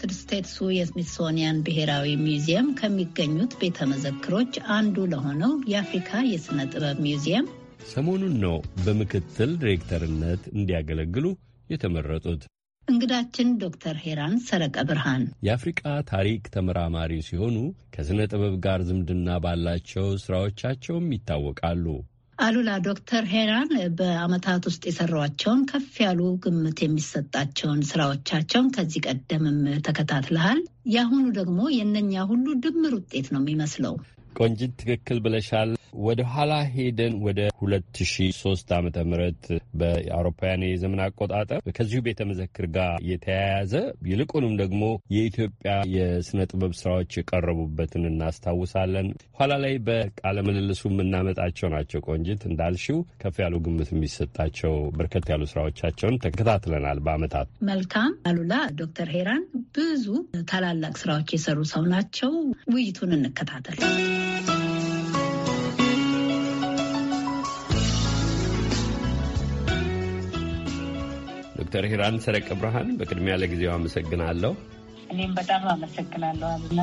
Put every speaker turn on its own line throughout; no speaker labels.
በዩናይትድ ስቴትሱ የስሚትሶኒያን ብሔራዊ ሚውዚየም ከሚገኙት ቤተ መዘክሮች አንዱ ለሆነው የአፍሪካ የሥነ ጥበብ ሚውዚየም
ሰሞኑን ነው በምክትል ዲሬክተርነት እንዲያገለግሉ የተመረጡት።
እንግዳችን ዶክተር ሄራን ሰረቀ ብርሃን
የአፍሪቃ ታሪክ ተመራማሪ ሲሆኑ ከሥነ ጥበብ ጋር ዝምድና ባላቸው ሥራዎቻቸውም ይታወቃሉ።
አሉላ ዶክተር ሄራን በአመታት ውስጥ የሰሯቸውን ከፍ ያሉ ግምት የሚሰጣቸውን ስራዎቻቸውን ከዚህ ቀደምም ተከታትለሃል። የአሁኑ ደግሞ የእነኛ ሁሉ ድምር ውጤት ነው የሚመስለው።
ቆንጂት፣ ትክክል ብለሻል። ወደ ኋላ ሄደን ወደ 2003 ዓ ም በአውሮፓውያን የዘመን አቆጣጠር ከዚሁ ቤተ መዘክር ጋር የተያያዘ ይልቁንም ደግሞ የኢትዮጵያ የስነ ጥበብ ስራዎች የቀረቡበትን እናስታውሳለን። ኋላ ላይ በቃለ ምልልሱ የምናመጣቸው ናቸው። ቆንጅት እንዳልሽው ከፍ ያሉ ግምት የሚሰጣቸው በርከት ያሉ ስራዎቻቸውን ተከታትለናል በአመታት።
መልካም አሉላ። ዶክተር ሄራን ብዙ ታላላቅ ስራዎች የሰሩ ሰው ናቸው። ውይይቱን እንከታተል።
ዶክተር ሂራን ሰረቀ ብርሃን በቅድሚያ ለጊዜው አመሰግናለሁ።
እኔም በጣም አመሰግናለሁ አብና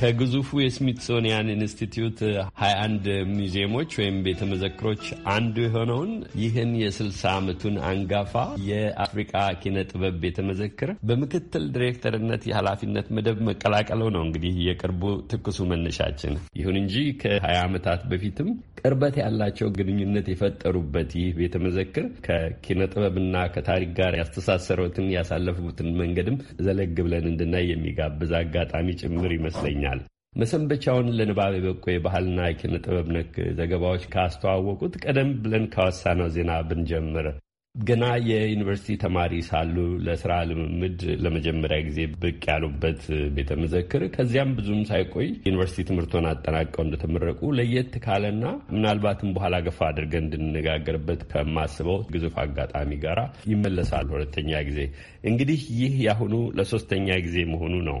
ከግዙፉ የስሚትሶኒያን ኢንስቲትዩት 21 ሙዚየሞች ወይም ቤተ መዘክሮች አንዱ የሆነውን ይህን የ60 ዓመቱን አንጋፋ የአፍሪቃ ኪነ ጥበብ ቤተ መዘክር በምክትል ዲሬክተርነት የኃላፊነት መደብ መቀላቀለው ነው እንግዲህ የቅርቡ ትኩሱ መነሻችን። ይሁን እንጂ ከ20 ዓመታት በፊትም ቅርበት ያላቸው ግንኙነት የፈጠሩበት ይህ ቤተ መዘክር ከኪነ ጥበብና ከታሪክ ጋር ያስተሳሰሩትን ያሳለፉትን መንገድም ዘለግ ብለን እንድናይ የሚጋብዝ አጋጣሚ ጭምር ይመስለኛል። ይገኛል። መሰንበቻውን ለንባብ የበቁ የባህልና የኪነ ጥበብ ነክ ዘገባዎች ካስተዋወቁት ቀደም ብለን ካወሳነው ዜና ብንጀምር ገና የዩኒቨርሲቲ ተማሪ ሳሉ ለስራ ልምምድ ለመጀመሪያ ጊዜ ብቅ ያሉበት ቤተ መዘክር ከዚያም ብዙም ሳይቆይ ዩኒቨርሲቲ ትምህርቶን አጠናቀው እንደተመረቁ ለየት ካለና ምናልባትም በኋላ ገፋ አድርገን እንድንነጋገርበት ከማስበው ግዙፍ አጋጣሚ ጋር ይመለሳል። ሁለተኛ ጊዜ እንግዲህ ይህ ያሁኑ ለሶስተኛ ጊዜ መሆኑ ነው።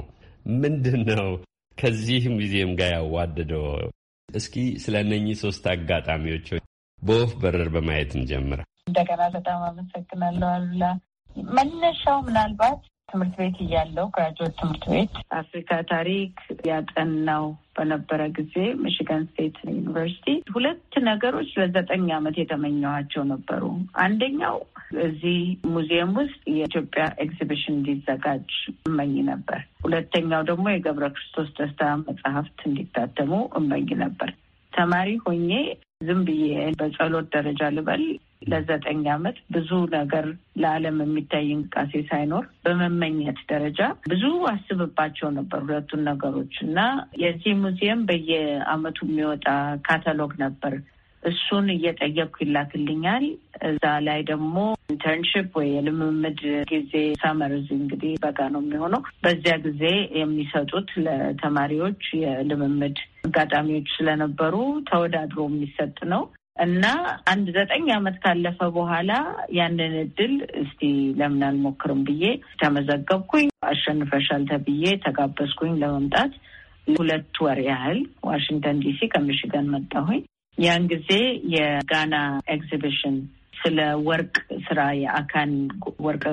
ምንድን ነው ከዚህ ሙዚየም ጋር ያዋደደው እስኪ ስለ እነኚህ ሶስት አጋጣሚዎች በወፍ በረር በማየት እንጀምር።
እንደገና በጣም አመሰግናለሁ አሉላ። መነሻው ምናልባት ትምህርት ቤት እያለው ግራጁዌት ትምህርት ቤት አፍሪካ ታሪክ ያጠናው በነበረ ጊዜ ሚሽጋን ስቴት ዩኒቨርሲቲ ሁለት ነገሮች ለዘጠኝ ዓመት የተመኘኋቸው ነበሩ። አንደኛው እዚህ ሙዚየም ውስጥ የኢትዮጵያ ኤግዚቢሽን እንዲዘጋጅ እመኝ ነበር። ሁለተኛው ደግሞ የገብረ ክርስቶስ ደስታ መጽሐፍት እንዲታተሙ እመኝ ነበር። ተማሪ ሆኜ ዝም ብዬ በጸሎት ደረጃ ልበል ለዘጠኝ ዓመት ብዙ ነገር ለዓለም የሚታይ እንቅስቃሴ ሳይኖር በመመኘት ደረጃ ብዙ አስብባቸው ነበር ሁለቱን ነገሮች እና የዚህ ሙዚየም በየዓመቱ የሚወጣ ካታሎግ ነበር እሱን እየጠየቅኩ ይላክልኛል። እዛ ላይ ደግሞ ኢንተርንሽፕ ወይ የልምምድ ጊዜ ሳመርዝ እንግዲህ በጋ ነው የሚሆነው። በዚያ ጊዜ የሚሰጡት ለተማሪዎች የልምምድ አጋጣሚዎች ስለነበሩ ተወዳድሮ የሚሰጥ ነው እና አንድ ዘጠኝ ዓመት ካለፈ በኋላ ያንን እድል እስቲ ለምን አልሞክርም ብዬ ተመዘገብኩኝ። አሸንፈሻል ተብዬ ተጋበዝኩኝ ለመምጣት። ሁለት ወር ያህል ዋሽንግተን ዲሲ ከሚሽገን መጣሁኝ። ያን ጊዜ የጋና ኤግዚቢሽን ስለ ወርቅ ስራ የአካን ወርቅ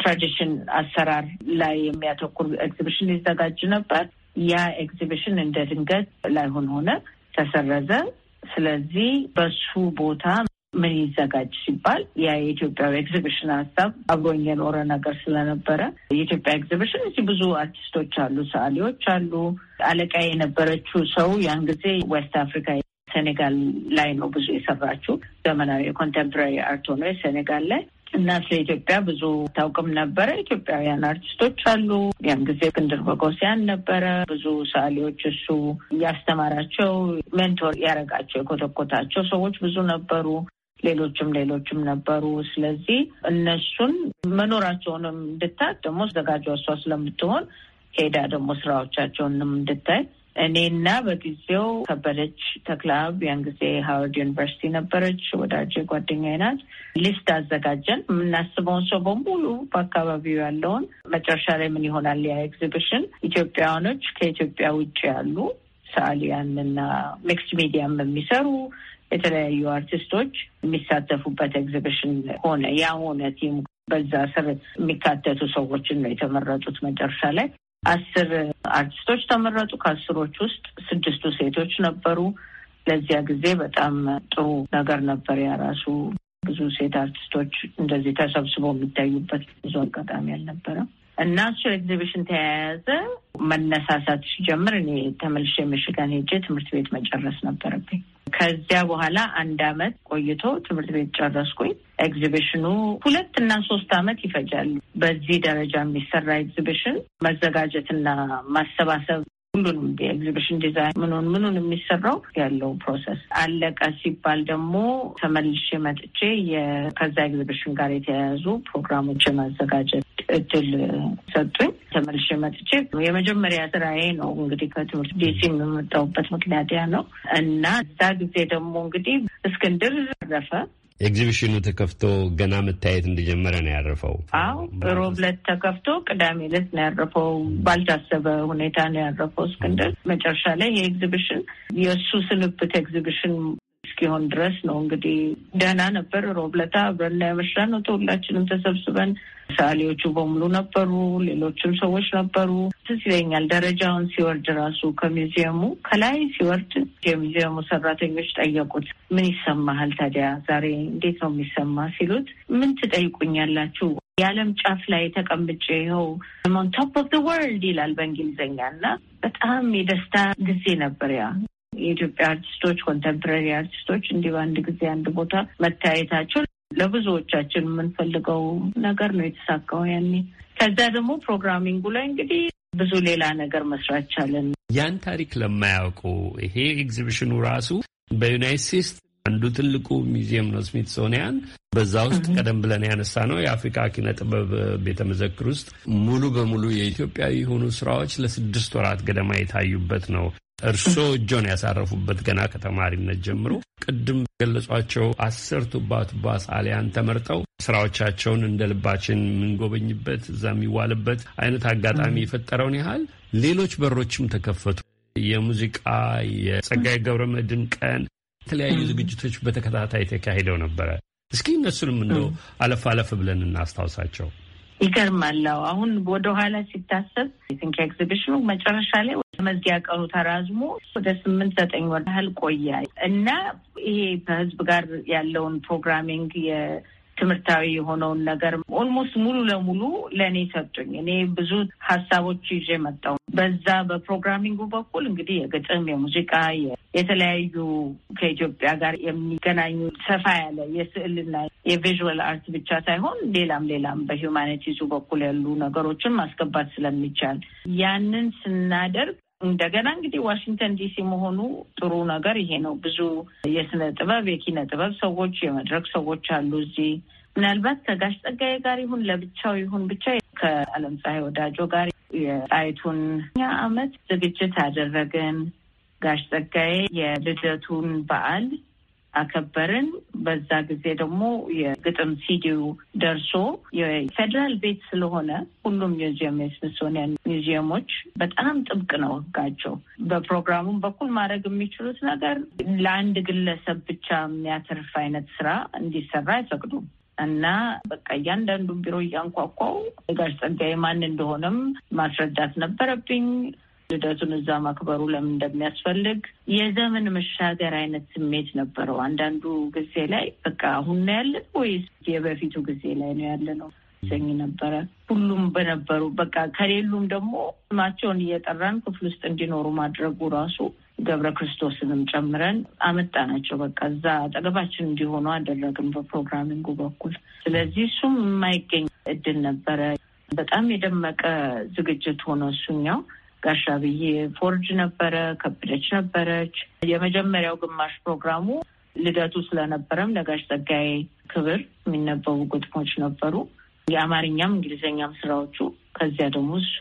ትራዲሽን አሰራር ላይ የሚያተኩር ኤግዚቢሽን ሊዘጋጅ ነበር። ያ ኤግዚቢሽን እንደ ድንገት ላይሆን ሆነ፣ ተሰረዘ። ስለዚህ በሱ ቦታ ምን ይዘጋጅ ሲባል ያ የኢትዮጵያዊ ኤግዚቢሽን ሀሳብ አብሮኝ የኖረ ነገር ስለነበረ የኢትዮጵያ ኤግዚቢሽን እዚህ ብዙ አርቲስቶች አሉ፣ ሰዓሊዎች አሉ። አለቃ የነበረችው ሰው ያን ጊዜ ዌስት አፍሪካ ሴኔጋል ላይ ነው ብዙ የሰራችው። ዘመናዊ የኮንቴምፖራሪ አርት ሆኖ ሴኔጋል ላይ እና ስለ ኢትዮጵያ ብዙ ታውቅም ነበረ። ኢትዮጵያውያን አርቲስቶች አሉ። ያን ጊዜ እስክንድር ቦጎሲያን ነበረ። ብዙ ሰዓሊዎች እሱ እያስተማራቸው ሜንቶር ያረጋቸው የኮተኮታቸው ሰዎች ብዙ ነበሩ። ሌሎችም ሌሎችም ነበሩ። ስለዚህ እነሱን መኖራቸውንም እንድታይ ደግሞ አዘጋጇ እሷ ስለምትሆን ሄዳ ደግሞ ስራዎቻቸውንም እንድታይ እኔና በጊዜው ከበደች ተክለአብ ያን ጊዜ ሀዋርድ ዩኒቨርሲቲ ነበረች፣ ወዳጅ ጓደኛዬ ናት። ሊስት አዘጋጀን የምናስበውን ሰው በሙሉ በአካባቢው ያለውን። መጨረሻ ላይ ምን ይሆናል ያ ኤግዚቢሽን ኢትዮጵያውያኖች ከኢትዮጵያ ውጭ ያሉ እና ሚክስድ ሚዲያም የሚሰሩ የተለያዩ አርቲስቶች የሚሳተፉበት ኤግዚቢሽን ሆነ። ያ ሆነ ቲም በዛ ስር የሚካተቱ ሰዎችን ነው የተመረጡት መጨረሻ ላይ አስር አርቲስቶች ተመረጡ። ከአስሮች ውስጥ ስድስቱ ሴቶች ነበሩ። ለዚያ ጊዜ በጣም ጥሩ ነገር ነበር። ያራሱ ብዙ ሴት አርቲስቶች እንደዚህ ተሰብስበው የሚታዩበት ብዙ አጋጣሚ አልነበረም እና እሱ ኤግዚቢሽን ተያያዘ። መነሳሳት ሲጀምር እኔ ተመልሼ ሚሽጋን ሄጄ ትምህርት ቤት መጨረስ ነበረብኝ። ከዚያ በኋላ አንድ አመት ቆይቶ ትምህርት ቤት ጨረስኩኝ። ኤግዚቢሽኑ ሁለት እና ሶስት አመት ይፈጃል። በዚህ ደረጃ የሚሰራ ኤግዚቢሽን መዘጋጀትና ማሰባሰብ ሁሉንም ኤግዚቢሽን ዲዛይን ምኑን ምኑን የሚሰራው ያለው ፕሮሰስ አለቀ ሲባል ደግሞ ተመልሼ መጥቼ ከዛ ኤግዚቢሽን ጋር የተያያዙ ፕሮግራሞች የማዘጋጀት እድል ሰጡኝ። ተመልሼ መጥቼ የመጀመሪያ ስራዬ ነው እንግዲህ ከትምህርት ዲሲ የምመጣውበት ምክንያት ያ ነው እና እዛ ጊዜ ደግሞ እንግዲህ እስክንድር አረፈ።
ኤግዚቢሽኑ ተከፍቶ ገና መታየት እንደጀመረ ነው ያረፈው።
አዎ ሮብ ዕለት ተከፍቶ ቅዳሜ ዕለት ነው ያረፈው። ባልታሰበ ሁኔታ ነው ያረፈው እስክንድር። መጨረሻ ላይ የኤግዚቢሽን የእሱ ስንብት ኤግዚቢሽን እስኪሆን ድረስ ነው። እንግዲህ ደህና ነበር። ሮብለታ አብረና ያመሻ ነው። ሁላችንም ተሰብስበን ሰዓሊዎቹ በሙሉ ነበሩ፣ ሌሎችም ሰዎች ነበሩ። ትዝ ይለኛል ደረጃውን ሲወርድ ራሱ ከሚዚየሙ ከላይ ሲወርድ የሚዚየሙ ሰራተኞች ጠየቁት፣ ምን ይሰማሃል ታዲያ ዛሬ እንዴት ነው የሚሰማ ሲሉት፣ ምን ትጠይቁኛላችሁ የዓለም ጫፍ ላይ ተቀምጬ ይኸው ኦን ቶፕ ኦፍ ዘ ወርልድ ይላል በእንግሊዝኛ እና በጣም የደስታ ጊዜ ነበር ያ የኢትዮጵያ አርቲስቶች፣ ኮንተምፕረሪ አርቲስቶች እንዲህ በአንድ ጊዜ አንድ ቦታ መታየታቸው ለብዙዎቻችን የምንፈልገው ነገር ነው የተሳካው ያኔ። ከዛ ደግሞ ፕሮግራሚንጉ ላይ እንግዲህ ብዙ ሌላ ነገር መስራት ቻለን።
ያን ታሪክ ለማያውቁ ይሄ ኤግዚቢሽኑ ራሱ በዩናይት ስቴትስ አንዱ ትልቁ ሚዚየም ነው ስሚትሶኒያን። በዛ ውስጥ ቀደም ብለን ያነሳ ነው የአፍሪካ ኪነ ጥበብ ቤተ መዘክር ውስጥ ሙሉ በሙሉ የኢትዮጵያዊ የሆኑ ስራዎች ለስድስት ወራት ገደማ የታዩበት ነው። እርስዎ እጆን ያሳረፉበት ገና ከተማሪነት ጀምሮ ቅድም ገለጿቸው አስር ቱባ ቱባ ሳሊያን ተመርጠው ስራዎቻቸውን እንደ ልባችን የምንጎበኝበት እዛ የሚዋልበት አይነት አጋጣሚ የፈጠረውን ያህል ሌሎች በሮችም ተከፈቱ። የሙዚቃ ገብረ መድን ቀን የተለያዩ ዝግጅቶች በተከታታይ ተካሂደው ነበረ። እስኪ እነሱንም እንደው አለፍ አለፍ ብለን እናስታውሳቸው።
ይገርማለው። አሁን ወደኋላ ሲታሰብ ቲንክ ኤግዚቢሽኑ መጨረሻ ላይ መዝጊያ ቀኑ ተራዝሞ ወደ ስምንት ዘጠኝ ወር ያህል ቆየ እና ይሄ ከህዝብ ጋር ያለውን ፕሮግራሚንግ ትምህርታዊ የሆነውን ነገር ኦልሞስት ሙሉ ለሙሉ ለእኔ ሰጡኝ። እኔ ብዙ ሀሳቦች ይዤ መጣሁ። በዛ በፕሮግራሚንጉ በኩል እንግዲህ የግጥም፣ የሙዚቃ፣ የተለያዩ ከኢትዮጵያ ጋር የሚገናኙ ሰፋ ያለ የስዕልና የቪዥዋል አርት ብቻ ሳይሆን ሌላም ሌላም በሂውማኒቲዙ በኩል ያሉ ነገሮችን ማስገባት ስለሚቻል ያንን ስናደርግ እንደገና እንግዲህ ዋሽንግተን ዲሲ መሆኑ ጥሩ ነገር ይሄ ነው። ብዙ የስነ ጥበብ የኪነ ጥበብ ሰዎች የመድረክ ሰዎች አሉ እዚህ። ምናልባት ከጋሽ ጸጋዬ ጋር ይሁን ለብቻው ይሁን ብቻ ከአለም ፀሐይ ወዳጆ ጋር የጣይቱን አመት ዝግጅት አደረግን። ጋሽ ጸጋዬ የልደቱን በዓል አከበርን። በዛ ጊዜ ደግሞ የግጥም ሲዲው ደርሶ የፌዴራል ቤት ስለሆነ ሁሉም ሚዚየም የስሚሶኒያን ሚዚየሞች በጣም ጥብቅ ነው ሕጋቸው። በፕሮግራሙም በኩል ማድረግ የሚችሉት ነገር ለአንድ ግለሰብ ብቻ የሚያተርፍ አይነት ስራ እንዲሰራ አይፈቅዱም። እና በቃ እያንዳንዱን ቢሮ እያንኳኳው ጋሽ ጸጋዬ ማን እንደሆነም ማስረዳት ነበረብኝ። ልደቱን እዛ ማክበሩ ለምን እንደሚያስፈልግ የዘመን መሻገር አይነት ስሜት ነበረው። አንዳንዱ ጊዜ ላይ በቃ አሁን ነው ያለ ወይስ የበፊቱ ጊዜ ላይ ነው ያለ ነው ሰኝ ነበረ። ሁሉም በነበሩ በቃ ከሌሉም ደግሞ ስማቸውን እየጠራን ክፍል ውስጥ እንዲኖሩ ማድረጉ ራሱ ገብረ ክርስቶስንም ጨምረን አመጣ ናቸው። በቃ እዛ አጠገባችን እንዲሆኑ አደረግን በፕሮግራሚንጉ በኩል። ስለዚህ እሱም የማይገኝ እድል ነበረ። በጣም የደመቀ ዝግጅት ሆነ እሱኛው ጋሻ ብዬ ፎርጅ ነበረ፣ ከበደች ነበረች። የመጀመሪያው ግማሽ ፕሮግራሙ ልደቱ ስለነበረም ለጋሽ ጸጋዬ ክብር የሚነበቡ ግጥሞች ነበሩ። የአማርኛም እንግሊዝኛም ስራዎቹ። ከዚያ ደግሞ እሱ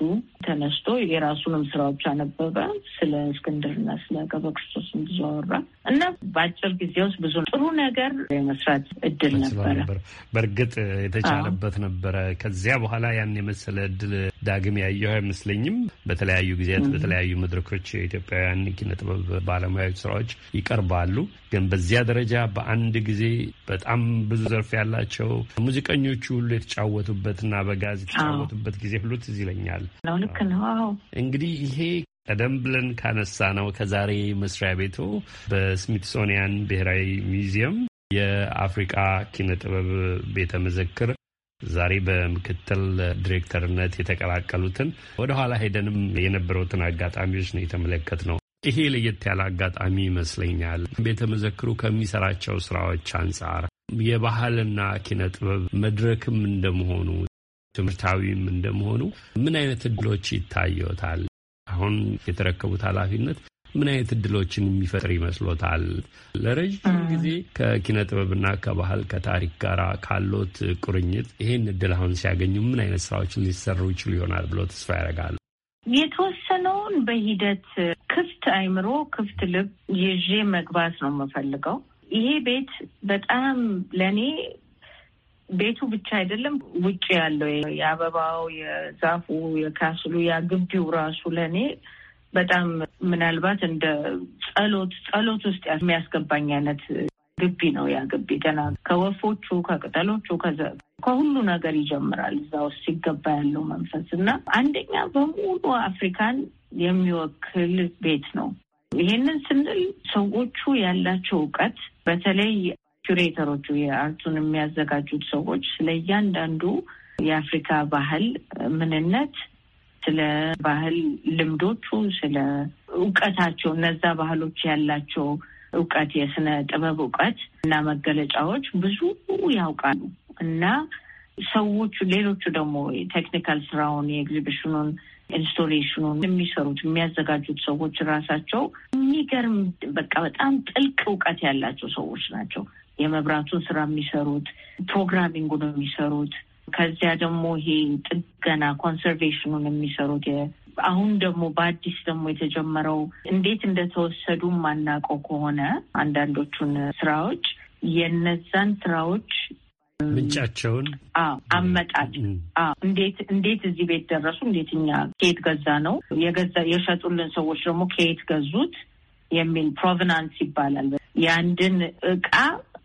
ተነስቶ የራሱንም ስራዎች አነበበ። ስለ እስክንድርና ስለ ገብረ ክርስቶስም ብዙ አወራ እና በአጭር ጊዜ ውስጥ ብዙ ጥሩ ነገር የመስራት እድል ነበረ።
በእርግጥ የተቻለበት ነበረ። ከዚያ በኋላ ያን የመሰለ እድል ዳግም ያየሁ አይመስለኝም። በተለያዩ ጊዜያት በተለያዩ መድረኮች የኢትዮጵያውያን ኪነጥበብ ባለሙያዎች ስራዎች ይቀርባሉ። ግን በዚያ ደረጃ በአንድ ጊዜ በጣም ብዙ ዘርፍ ያላቸው ሙዚቀኞቹ ሁሉ የተጫወቱበትና በጋዝ የተጫወቱበት ጊዜ ሁሉ ትዝ ይለኛል።
ልክ ነው።
እንግዲህ ይሄ ቀደም ብለን ካነሳ ነው ከዛሬ መስሪያ ቤቱ በስሚትሶኒያን ብሔራዊ ሚዚየም የአፍሪቃ ኪነ ጥበብ ቤተ መዘክር ዛሬ በምክትል ዲሬክተርነት የተቀላቀሉትን ወደኋላ ሄደንም የነበሩትን አጋጣሚዎች ነው የተመለከት ነው። ይሄ ለየት ያለ አጋጣሚ ይመስለኛል። ቤተ መዘክሩ ከሚሰራቸው ስራዎች አንጻር የባህልና ኪነ ጥበብ መድረክም እንደመሆኑ ትምህርታዊም እንደመሆኑ ምን አይነት እድሎች ይታየዎታል? አሁን የተረከቡት ኃላፊነት ምን አይነት እድሎችን የሚፈጥር ይመስሎታል? ለረዥም ጊዜ ከኪነ ጥበብና ከባህል ከታሪክ ጋር ካሎት ቁርኝት ይህን እድል አሁን ሲያገኙ ምን አይነት ስራዎችን ሊሰሩ ይችሉ ይሆናል ብሎ ተስፋ ያደርጋሉ?
የተወሰነውን በሂደት ክፍት አይምሮ፣ ክፍት ልብ ይዤ መግባት ነው የምፈልገው። ይሄ ቤት በጣም ለእኔ ቤቱ ብቻ አይደለም፣ ውጭ ያለው የአበባው፣ የዛፉ፣ የካስሉ፣ ያ ግቢው ራሱ ለእኔ በጣም ምናልባት እንደ ጸሎት ጸሎት ውስጥ የሚያስገባኝ አይነት ግቢ ነው። ያ ግቢ ገና ከወፎቹ፣ ከቅጠሎቹ፣ ከሁሉ ነገር ይጀምራል እዛ ውስጥ ሲገባ ያለው መንፈስ እና አንደኛ በሙሉ አፍሪካን የሚወክል ቤት ነው። ይሄንን ስንል ሰዎቹ ያላቸው እውቀት በተለይ ኪሬተሮቹ የአርቱን የሚያዘጋጁት ሰዎች ስለ እያንዳንዱ የአፍሪካ ባህል ምንነት ስለ ባህል ልምዶቹ፣ ስለ እውቀታቸው እነዛ ባህሎች ያላቸው እውቀት የስነ ጥበብ እውቀት እና መገለጫዎች ብዙ ያውቃሉ እና ሰዎቹ ሌሎቹ ደግሞ የቴክኒካል ስራውን የኤግዚቢሽኑን ኢንስቶሌሽኑን የሚሰሩት የሚያዘጋጁት ሰዎች ራሳቸው የሚገርም በቃ በጣም ጥልቅ እውቀት ያላቸው ሰዎች ናቸው። የመብራቱን ስራ የሚሰሩት ነው የሚሰሩት ከዚያ ደግሞ ይሄ ጥገና ኮንሰርቬሽኑን የሚሰሩት አሁን ደግሞ በአዲስ ደግሞ የተጀመረው እንዴት እንደተወሰዱም ማናውቀው ከሆነ አንዳንዶቹን ስራዎች የነዛን ስራዎች
ምንጫቸውን
አመጣል እንዴት እንዴት እዚህ ቤት ደረሱ? እንዴት እኛ ከየት ገዛ ነው የገዛ የሸጡልን ሰዎች ደግሞ ከየት ገዙት የሚል ፕሮቨናንስ ይባላል። የአንድን እቃ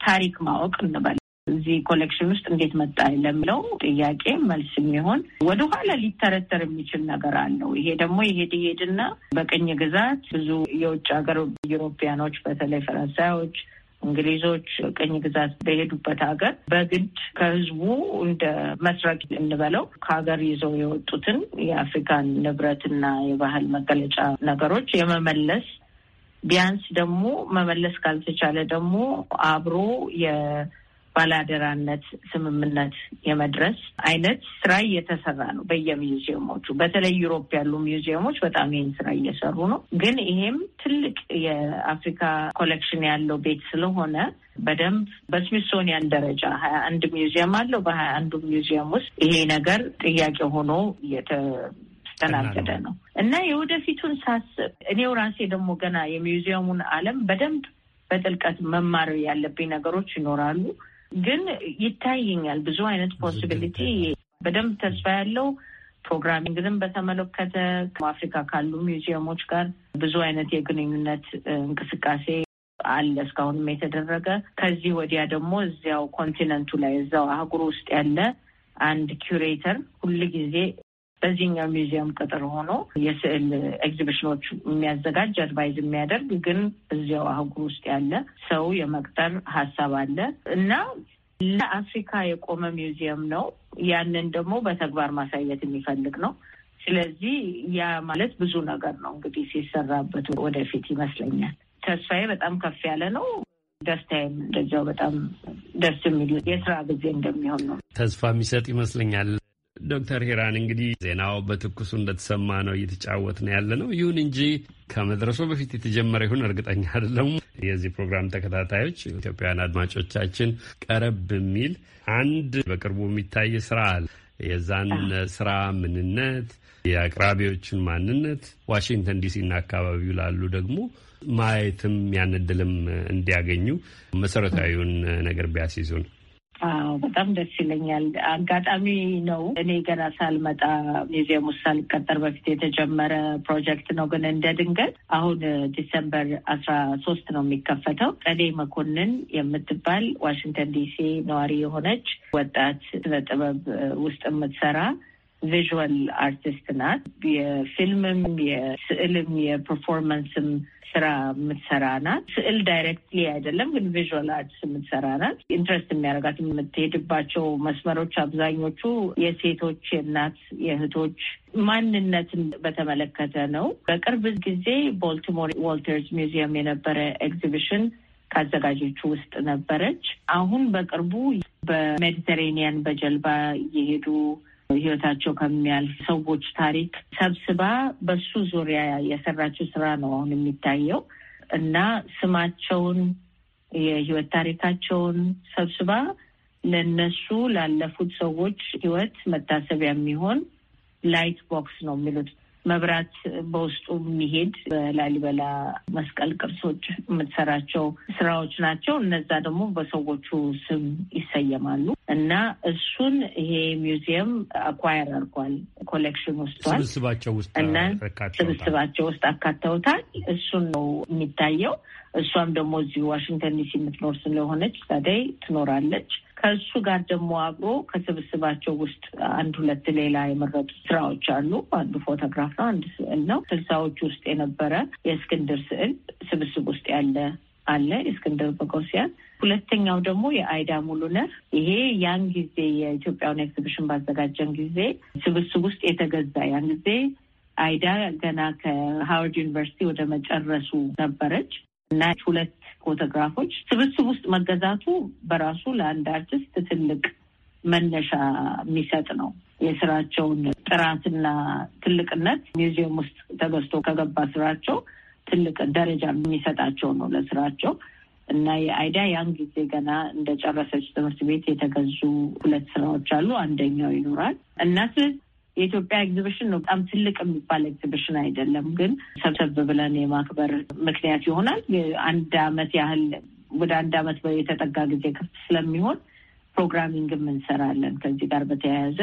ታሪክ ማወቅ እንበል እዚህ ኮሌክሽን ውስጥ እንዴት መጣ ለሚለው ጥያቄ መልስ የሚሆን ወደኋላ ሊተረተር የሚችል ነገር አለው። ይሄ ደግሞ ይሄድ ይሄድና በቅኝ ግዛት ብዙ የውጭ ሀገር ዩሮፒያኖች በተለይ ፈረንሳዮች እንግሊዞች ቅኝ ግዛት በሄዱበት ሀገር በግድ ከህዝቡ እንደ መስረቅ እንበለው ከሀገር ይዘው የወጡትን የአፍሪካን ንብረትና የባህል መገለጫ ነገሮች የመመለስ ቢያንስ ደግሞ መመለስ ካልተቻለ ደግሞ አብሮ ባላደራነት ስምምነት የመድረስ አይነት ስራ እየተሰራ ነው በየሚውዚየሞቹ። በተለይ ዩሮፕ ያሉ ሚውዚየሞች በጣም ይህን ስራ እየሰሩ ነው። ግን ይሄም ትልቅ የአፍሪካ ኮሌክሽን ያለው ቤት ስለሆነ በደንብ በስሚሶኒያን ደረጃ ሀያ አንድ ሚውዚየም አለው። በሀያ አንዱ ሚውዚየም ውስጥ ይሄ ነገር ጥያቄ ሆኖ እየተስተናገደ ነው እና የወደፊቱን ሳስብ እኔው ራሴ ደግሞ ገና የሚውዚየሙን አለም በደንብ በጥልቀት መማር ያለብኝ ነገሮች ይኖራሉ። ግን ይታየኛል ብዙ አይነት ፖስቢሊቲ በደንብ ተስፋ ያለው ፕሮግራሚንግንም በተመለከተ አፍሪካ ካሉ ሚውዚየሞች ጋር ብዙ አይነት የግንኙነት እንቅስቃሴ አለ እስካሁንም የተደረገ። ከዚህ ወዲያ ደግሞ እዚያው ኮንቲነንቱ ላይ እዛው አህጉር ውስጥ ያለ አንድ ኪዩሬተር ጊዜ በዚህኛው ሚውዚየም ቅጥር ሆኖ የስዕል ኤግዚቢሽኖች የሚያዘጋጅ አድቫይዝ የሚያደርግ ግን እዚያው አህጉር ውስጥ ያለ ሰው የመቅጠር ሀሳብ አለ እና ለአፍሪካ የቆመ ሚውዚየም ነው። ያንን ደግሞ በተግባር ማሳየት የሚፈልግ ነው። ስለዚህ ያ ማለት ብዙ ነገር ነው እንግዲህ ሲሰራበት ወደፊት ይመስለኛል። ተስፋዬ በጣም ከፍ ያለ ነው። ደስታዬም እንደዚያው በጣም ደስ የሚል የስራ ጊዜ እንደሚሆን ነው
ተስፋ የሚሰጥ ይመስለኛል። ዶክተር ሂራን እንግዲህ ዜናው በትኩሱ እንደተሰማ ነው እየተጫወት ነው ያለ ነው። ይሁን እንጂ ከመድረሱ በፊት የተጀመረ ይሁን እርግጠኛ አይደለም። የዚህ ፕሮግራም ተከታታዮች ኢትዮጵያውያን አድማጮቻችን ቀረብ የሚል አንድ በቅርቡ የሚታይ ስራ አለ። የዛን ስራ ምንነት፣ የአቅራቢዎችን ማንነት ዋሽንግተን ዲሲ እና አካባቢው ላሉ ደግሞ ማየትም ያንድልም እንዲያገኙ መሰረታዊውን ነገር ነው።
አዎ በጣም ደስ ይለኛል። አጋጣሚ ነው። እኔ ገና ሳልመጣ ሙዚየም ውስጥ ሳልቀጠር በፊት የተጀመረ ፕሮጀክት ነው፣ ግን እንደ ድንገት አሁን ዲሰምበር አስራ ሶስት ነው የሚከፈተው። ጸደይ መኮንን የምትባል ዋሽንግተን ዲሲ ነዋሪ የሆነች ወጣት ስነ ጥበብ ውስጥ የምትሰራ ቪዥዋል አርቲስት ናት። የፊልምም የስዕልም የፐርፎርማንስም ስራ የምትሰራ ናት። ስዕል ዳይሬክትሊ አይደለም ግን ቪዥዋል አርትስ የምትሰራ ናት። ኢንትረስት የሚያደርጋት የምትሄድባቸው መስመሮች አብዛኞቹ የሴቶች የእናት የእህቶች ማንነትን በተመለከተ ነው። በቅርብ ጊዜ ቦልቲሞር ዋልተርስ ሚውዚየም የነበረ ኤግዚቢሽን ከአዘጋጆቹ ውስጥ ነበረች። አሁን በቅርቡ በሜዲተሬኒያን በጀልባ እየሄዱ ህይወታቸው ከሚያልፍ ሰዎች ታሪክ ሰብስባ በሱ ዙሪያ የሰራችው ስራ ነው አሁን የሚታየው እና ስማቸውን የህይወት ታሪካቸውን ሰብስባ ለነሱ ላለፉት ሰዎች ህይወት መታሰቢያ የሚሆን ላይት ቦክስ ነው የሚሉት መብራት በውስጡ የሚሄድ በላሊበላ መስቀል ቅርሶች የምትሰራቸው ስራዎች ናቸው። እነዛ ደግሞ በሰዎቹ ስም ይሰየማሉ እና እሱን ይሄ ሚውዚየም አኳየር አድርጓል። ኮሌክሽን ውስጧል።
ስብስባቸው ውስጥ ስብስባቸው
ውስጥ አካተውታል። እሱን ነው የሚታየው። እሷም ደግሞ እዚሁ ዋሽንግተን ዲሲ የምትኖር ስለሆነች ታዲያ ትኖራለች። ከእሱ ጋር ደግሞ አብሮ ከስብስባቸው ውስጥ አንድ ሁለት ሌላ የመረጡ ስራዎች አሉ። አንዱ ፎቶግራፍ ነው፣ አንድ ስዕል ነው። ስልሳዎች ውስጥ የነበረ የእስክንድር ስዕል ስብስብ ውስጥ ያለ አለ የእስክንድር በጎሲያን። ሁለተኛው ደግሞ የአይዳ ሙሉነህ ይሄ ያን ጊዜ የኢትዮጵያውን ኤግዚቢሽን ባዘጋጀን ጊዜ ስብስብ ውስጥ የተገዛ ያን ጊዜ አይዳ ገና ከሃዋርድ ዩኒቨርሲቲ ወደ መጨረሱ ነበረች እና ሁለት ፎቶግራፎች ስብስብ ውስጥ መገዛቱ በራሱ ለአንድ አርቲስት ትልቅ መነሻ የሚሰጥ ነው። የስራቸውን ጥራትና ትልቅነት ሚውዚየም ውስጥ ተገዝቶ ከገባ ስራቸው ትልቅ ደረጃ የሚሰጣቸው ነው ለስራቸው እና የአይዳ ያን ጊዜ ገና እንደጨረሰች ትምህርት ቤት የተገዙ ሁለት ስራዎች አሉ። አንደኛው ይኖራል እና የኢትዮጵያ ኤግዚቢሽን ነው። በጣም ትልቅ የሚባል ኤግዚቢሽን አይደለም፣ ግን ሰብሰብ ብለን የማክበር ምክንያት ይሆናል። አንድ አመት ያህል ወደ አንድ አመት የተጠጋ ጊዜ ክፍት ስለሚሆን ፕሮግራሚንግም እንሰራለን። ከዚህ ጋር በተያያዘ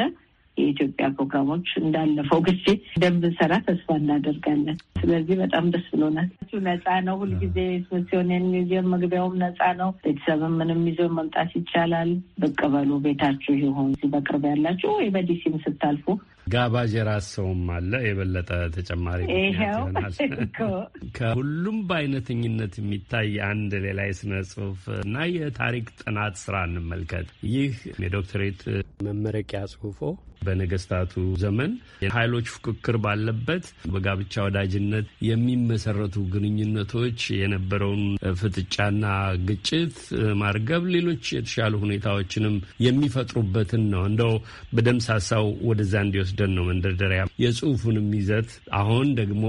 የኢትዮጵያ ፕሮግራሞች እንዳለፈው ጊዜ እንደምንሰራ ተስፋ እናደርጋለን። ስለዚህ በጣም ደስ ብሎናል። ነፃ ነው ሁልጊዜ ስሚሲዮኔን ሚዚየም መግቢያውም ነፃ ነው። ቤተሰብም ምንም ይዞ መምጣት ይቻላል። ብቅ በሉ ቤታችሁ ይሆን በቅርብ ያላችሁ ወይ በዲሲም ስታልፉ
ጋባዥ የራስ ሰውም አለ። የበለጠ ተጨማሪ ምክንያት ከሁሉም በአይነተኝነት የሚታይ አንድ ሌላ የስነ ጽሁፍ እና የታሪክ ጥናት ስራ እንመልከት። ይህ የዶክተሬት መመረቂያ ጽሁፎ በነገስታቱ ዘመን የኃይሎች ፉክክር ባለበት በጋብቻ ወዳጅነት የሚመሰረቱ ግንኙነቶች የነበረውን ፍጥጫና ግጭት ማርገብ፣ ሌሎች የተሻሉ ሁኔታዎችንም የሚፈጥሩበትን ነው። እንደው በደምሳሳው ወደዛ እንዲወስድ ወስደን ነው መንደርደሪያ የጽሁፉንም ይዘት አሁን ደግሞ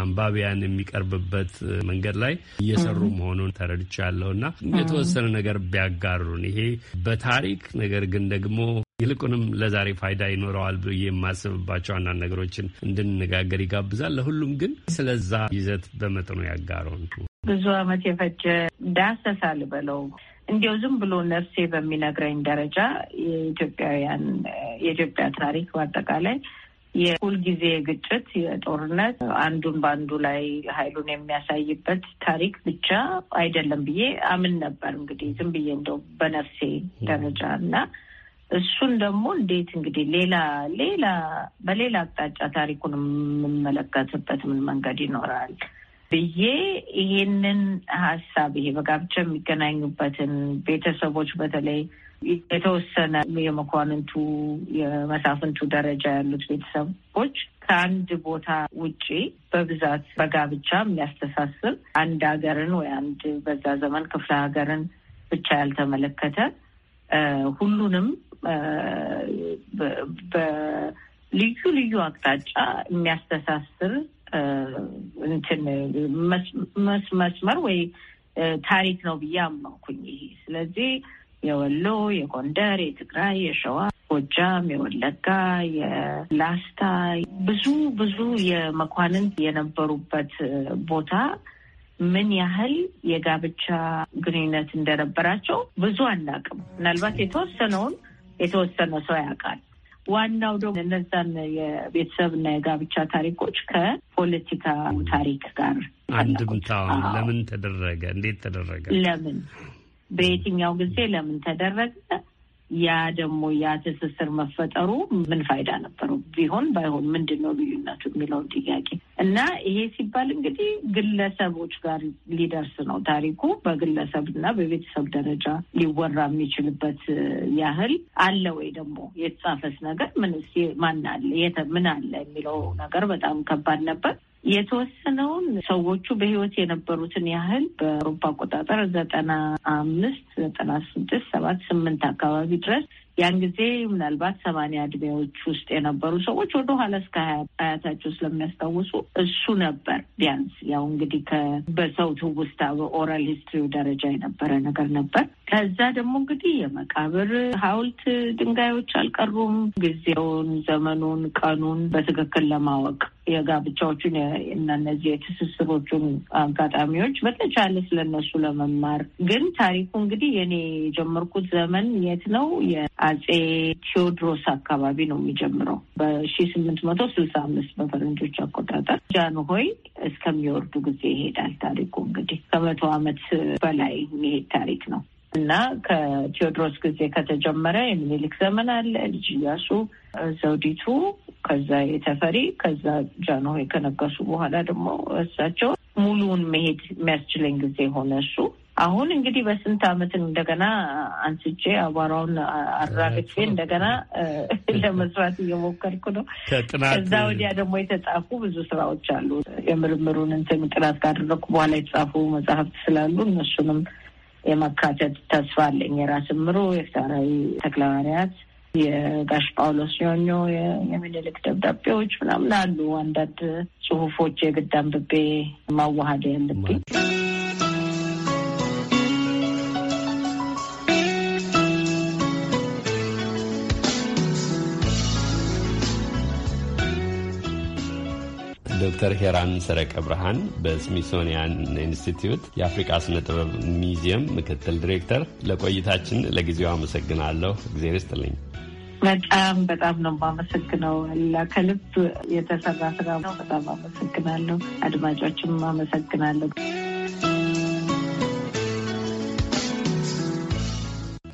አንባቢያን የሚቀርብበት መንገድ ላይ እየሰሩ መሆኑን ተረድቻለሁ እና የተወሰነ ነገር ቢያጋሩን ይሄ በታሪክ ነገር ግን ደግሞ ይልቁንም ለዛሬ ፋይዳ ይኖረዋል ብዬ የማስብባቸው አንዳንድ ነገሮችን እንድንነጋገር ይጋብዛል። ለሁሉም ግን ስለዛ ይዘት በመጠኑ ያጋረውን
ብዙ ዓመት የፈጀ ዳሰሳ ልበለው እንዲያው ዝም ብሎ ነፍሴ በሚነግረኝ ደረጃ የኢትዮጵያውያን የኢትዮጵያ ታሪክ በአጠቃላይ የሁልጊዜ ግጭት፣ የጦርነት አንዱን በአንዱ ላይ ኃይሉን የሚያሳይበት ታሪክ ብቻ አይደለም ብዬ አምን ነበር። እንግዲህ ዝም ብዬ እንደው በነፍሴ ደረጃ እና እሱን ደግሞ እንዴት እንግዲህ ሌላ ሌላ በሌላ አቅጣጫ ታሪኩን የምንመለከትበት ምን መንገድ ይኖራል? ብዬ ይሄንን ሀሳብ ይሄ በጋብቻ የሚገናኙበትን ቤተሰቦች በተለይ የተወሰነ የመኳንንቱ የመሳፍንቱ ደረጃ ያሉት ቤተሰቦች ከአንድ ቦታ ውጪ በብዛት በጋብቻ የሚያስተሳስብ አንድ ሀገርን ወይ አንድ በዛ ዘመን ክፍለ ሀገርን ብቻ ያልተመለከተ ሁሉንም በልዩ ልዩ አቅጣጫ የሚያስተሳስር እንትን መስመር ወይ ታሪክ ነው ብዬ አመንኩኝ። ይሄ ስለዚህ የወሎ፣ የጎንደር፣ የትግራይ፣ የሸዋ፣ ጎጃም፣ የወለጋ፣ የላስታ ብዙ ብዙ የመኳንንት የነበሩበት ቦታ ምን ያህል የጋብቻ ግንኙነት እንደነበራቸው ብዙ አናውቅም። ምናልባት የተወሰነውን የተወሰነ ሰው ያውቃል። ዋናው ደግሞ እነዛን የቤተሰብና የጋብቻ ታሪኮች ከፖለቲካ ታሪክ ጋር
አንድምታውን ለምን ተደረገ፣ እንዴት ተደረገ፣
ለምን በየትኛው ጊዜ ለምን ተደረገ ያ ደግሞ ያ ትስስር መፈጠሩ ምን ፋይዳ ነበረው? ቢሆን ባይሆን ምንድን ነው ልዩነቱ የሚለውን ጥያቄ እና ይሄ ሲባል እንግዲህ ግለሰቦች ጋር ሊደርስ ነው ታሪኩ በግለሰብ እና በቤተሰብ ደረጃ ሊወራ የሚችልበት ያህል አለ ወይ? ደግሞ የተጻፈስ ነገር ምንስ ማን አለ ምን አለ የሚለው ነገር በጣም ከባድ ነበር። የተወሰነውን ሰዎቹ በህይወት የነበሩትን ያህል በአውሮፓ አቆጣጠር ዘጠና አምስት ዘጠና ስድስት ሰባት ስምንት አካባቢ ድረስ ያን ጊዜ ምናልባት ሰማንያ እድሜዎች ውስጥ የነበሩ ሰዎች ወደ ኋላ እስከ አያታቸው ስለሚያስታውሱ እሱ ነበር ቢያንስ ያው እንግዲህ በሰው ትውስታ በኦራል ሂስትሪው ደረጃ የነበረ ነገር ነበር። ከዛ ደግሞ እንግዲህ የመቃብር ሐውልት ድንጋዮች አልቀሩም። ጊዜውን፣ ዘመኑን፣ ቀኑን በትክክል ለማወቅ የጋብቻዎቹን እና እነዚህ የትስስሮቹን አጋጣሚዎች በተቻለ ስለነሱ ለመማር ግን ታሪኩ እንግዲህ የኔ የጀመርኩት ዘመን የት ነው አጼ ቴዎድሮስ አካባቢ ነው የሚጀምረው በሺ ስምንት መቶ ስልሳ አምስት በፈረንጆች አቆጣጠር ጃንሆይ እስከሚወርዱ ጊዜ ይሄዳል ታሪኩ። እንግዲህ ከመቶ አመት በላይ የሚሄድ ታሪክ ነው እና ከቴዎድሮስ ጊዜ ከተጀመረ የሚኒሊክ ዘመን አለ፣ ልጅ እያሱ፣ ዘውዲቱ፣ ከዛ የተፈሪ፣ ከዛ ጃንሆይ ከነገሱ በኋላ ደግሞ እሳቸው ሙሉውን መሄድ የሚያስችለኝ ጊዜ ሆነ እሱ አሁን እንግዲህ በስንት አመት እንደገና አንስቼ አቧራውን አራግፌ እንደገና ለመስራት እየሞከርኩ ነው። ከዛ ወዲያ ደግሞ የተጻፉ ብዙ ስራዎች አሉ። የምርምሩን እንትን ጥናት ካደረግኩ በኋላ የተጻፉ መጽሐፍት ስላሉ እነሱንም የመካተት ተስፋ አለኝ። የራስ ምሩ፣ የፍትሐራዊ ተክለሐዋርያት፣ የጋሽ ጳውሎስ ኞኞ፣ የሚኒልክ ደብዳቤዎች ምናምን አሉ። አንዳንድ ጽሁፎች የግድ አንብቤ ማዋሃድ ያለብኝ
ዶክተር ሄራን ሰረቀ ብርሃን በስሚሶኒያን ኢንስቲትዩት የአፍሪቃ ስነ ጥበብ ሚዚየም ምክትል ዲሬክተር፣ ለቆይታችን ለጊዜው አመሰግናለሁ። እግዜር ይስጥልኝ።
በጣም በጣም ነው የማመሰግነው። ከልብ የተሰራ ስራ ነው። በጣም አመሰግናለሁ። አድማጮችም አመሰግናለሁ።